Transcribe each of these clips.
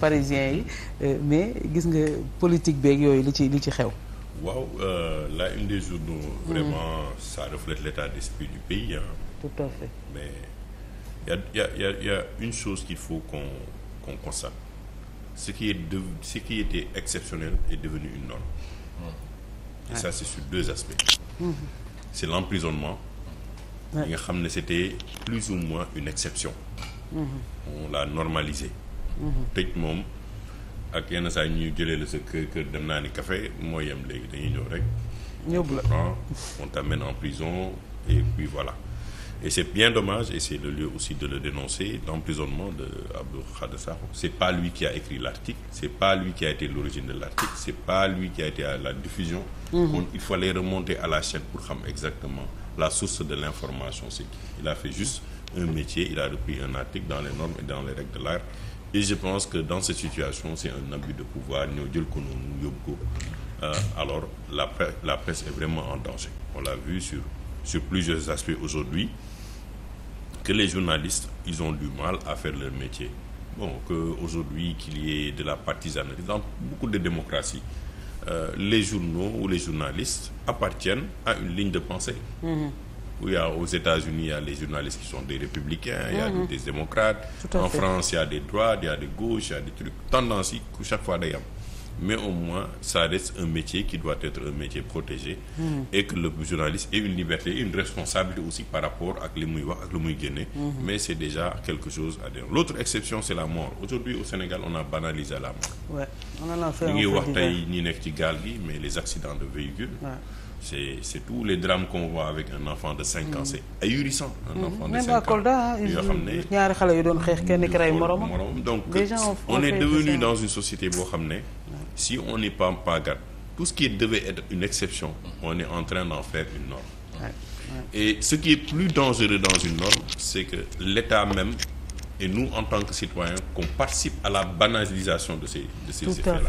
parisiens yi euh, mais gis nga politique beeg yooyu li ci li ci xew. waaw euh, la une des journaux. Mm. vraiment ça reflète l'état d'esprit du pays mais y a y a y a y a une chose qu'il faut qu'on constate ce qui est de ce qui était exceptionnel est devenu une norme. Mm. et ça c'est sur deux aspects. Mm-hmm. c'est l'emprisonnement. nga xam ne c'était plus ou moins une exception. Mm-hmm. on l'a normalisé. tëj moom ak yenn saa ñuy jëlee la sa kër kër dem naa ni café moo yem léegi dañuy ñëw rek. ñëw la on t'amène en prison et puis voilà et c'est bien dommage et c'est le lieu aussi de le dénoncer l'emprisonnement de Abdou Khadre Sakho c'est pas lui qui a écrit l'article c'est pas lui qui a été l'origine de l'article c'est pas lui qui a été à la diffusion mm -hmm. il fallait remonter à la chaîne pour xam exactement la source de l'information c'est qui il a fait juste un métier, il a repris un article dans les normes et dans les règles de l'art. Et je pense que dans cette situation, c'est un abus de pouvoir, ñoo jël ko noonu yóbbu ko. Euh, alors la presse, la presse est vraiment en danger. On l'a vu sur plusieurs aspects aujourd'hui que les journalistes, ils ont du mal à faire leur métier. Bon, qu'aujourd'hui de la partisanerie dans euh, les journaux ou les journalistes appartiennent à une ligne de pensée. Mm-hmm. où a aux États-Unis, il y a les journalistes qui sont des républicains, il mhm. des démocrates. En France, il des droites, il des gauches, il des trucs tendances yi chaque fois day mais au moins ça reste un métier qui doit être un métier protégé mhm. et que le journaliste ait une liberté une responsabilité aussi par rapport ak li muy wax ak muy génne mhm. mais c'est déjà quelque chose à dire l'autre aujourd'hui au Sénégal on a banalisé la mort ñu ngi wax ñi nekk ci gaal gi mais les accidents c'est c'est tous les drames qu'on voit avec un enfant de cinq ans mm. c'est ahurissant un mm. enfant de cinq ans même à Kolda yoo xam ne ñaari xale yu doon xeex kenn ki donc on est devenu dans une société boo xam ne si on n'est pas pas garde tout ce qui devait être une exception on est en train d'en faire une norme et ce qui est plus dangereux dans une norme c'est que l'État même et nous en tant que citoyens qu'on participe à la banalisation de ces effets-là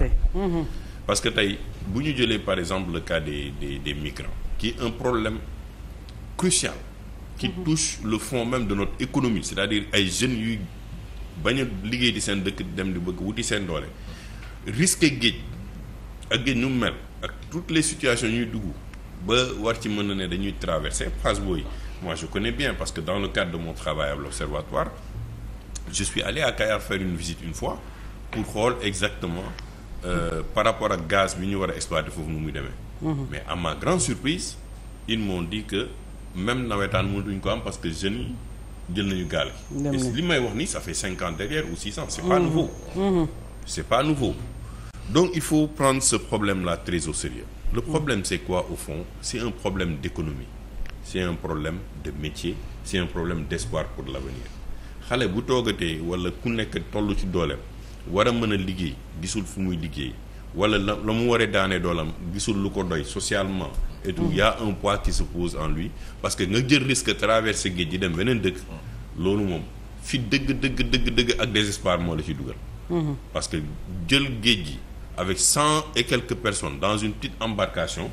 parce que tey bu ñu jëlee par exemple le cas des des des migrants un problème crucial qui mhm. touche le fond même de notre économie c'est-à-dire ay jeunes yuy bañ a liggéey di seen dëkk dem di bëgg wuti seen doole risque géej ak géej ñu mel ak toutes les situations ñuy dugg ba war ci mën na ne dañuy traverser phase booy moi je connais bien parce que dans le cadre de mon travail à l'observatoire je suis allé à faire une visite une fois pour xool exactement euh, par rapport ak gaz bi ñu war a exploiter foofu nu muy demee. Mhm. mais à ma grande surprise ils m'ont dit que même nawetaan mënatuñ ko am parce que jeunes yi jël nañu gaal gi. li may wax nii ça fait cinq ans derrière ou six ans. c'est pas mhm. nouveau. Mhm. c'est pas nouveau. donc il faut prendre ce problème là très au sérieux le problème c'est quoi au fond c'est un problème d'économie c'est un problème de métier c'est un problème d'espoir pour l'avenir xale bu toogatee wala ku nekk tollu ci dooleem war a mën a liggéey gisul fu muy liggéey wala la la mu waree daanee doolam gisul lu ko doy socialement et tout mm. y un poids qui se pose en lui parce que nga jël risque traverser géej gi dem beneen dëkk loolu moom fi dëgg dëgg dëgg dëgg ak désespoir moo la ci dugal mm-hmm. parce que jël géej gi avec cent et quelques personnes dans une petite embarcation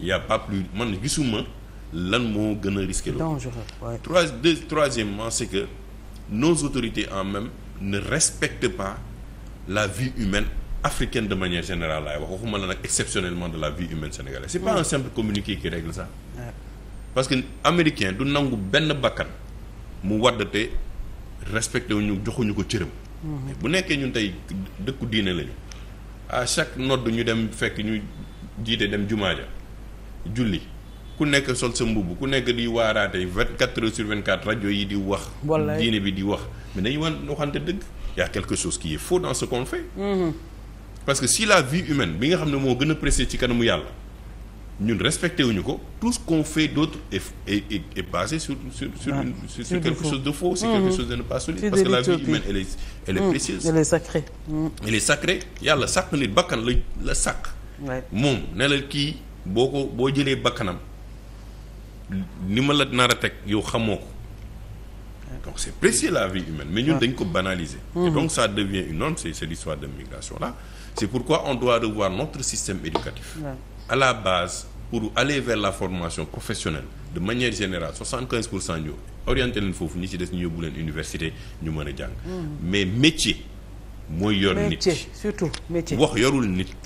y a pas plus man gisuma lan moo gën a risqué loolu trois deux troisièmement c'est que nos autorités en même ne respecte pas la vie humaine africaine de manière générale laay wax waxuma la nag exceptionnellement de la vie humaine sénégalaise c'est pas un simple communiqué qui règle ça parce que américain du nangu benn bakkan mu wadd te respecté wuñu joxuñu ko cëram mhm. bu nekkee ñun tey dëkku diine lañu a chaque nodd ñu dem fekk ñu jiite dem jumaa julli ku nekk sol sa mbubb ku nekk di waaraate vingt quatre heures sur vingt quatre rajo yi di wax diine bi di wax mais dañuy wan waxante dëgg yaa a quelque chose qui est faux dans ce qu'on fait. Mmh. parce que si la vie humaine bi nga xam ne moo gën a pressé ci kanamu yàlla ñun respecté wuñu ko tous ce qu'on fait d'autre est est est basé sur sur sur sur, quelque chose de faux. c'est mmh. quelque chose de ne pas solide. parce que la vie humaine elle est mhm. précieuse. Mhm. elle est sacrée. yàlla sàkk nit bakkan la la sàkk. moom ne kii boo ko boo jëlee bakkanam li ma la nar a teg yow xamoo ko. donc c'est précieux la vie humaine mais ñun dañ ko banaliser et mhm. donc ça devient une norme c'est l'histoire de migration là c'est pourquoi on doit revoir notre système éducatif à la base pour aller vers la formation professionnelle de manière générale 75 pour cent ñu foofu ñi ci des ñu yóbbu leen université ñu mën a jàng mhm. mais métier mooy yor nit surtout métier wax yorul nit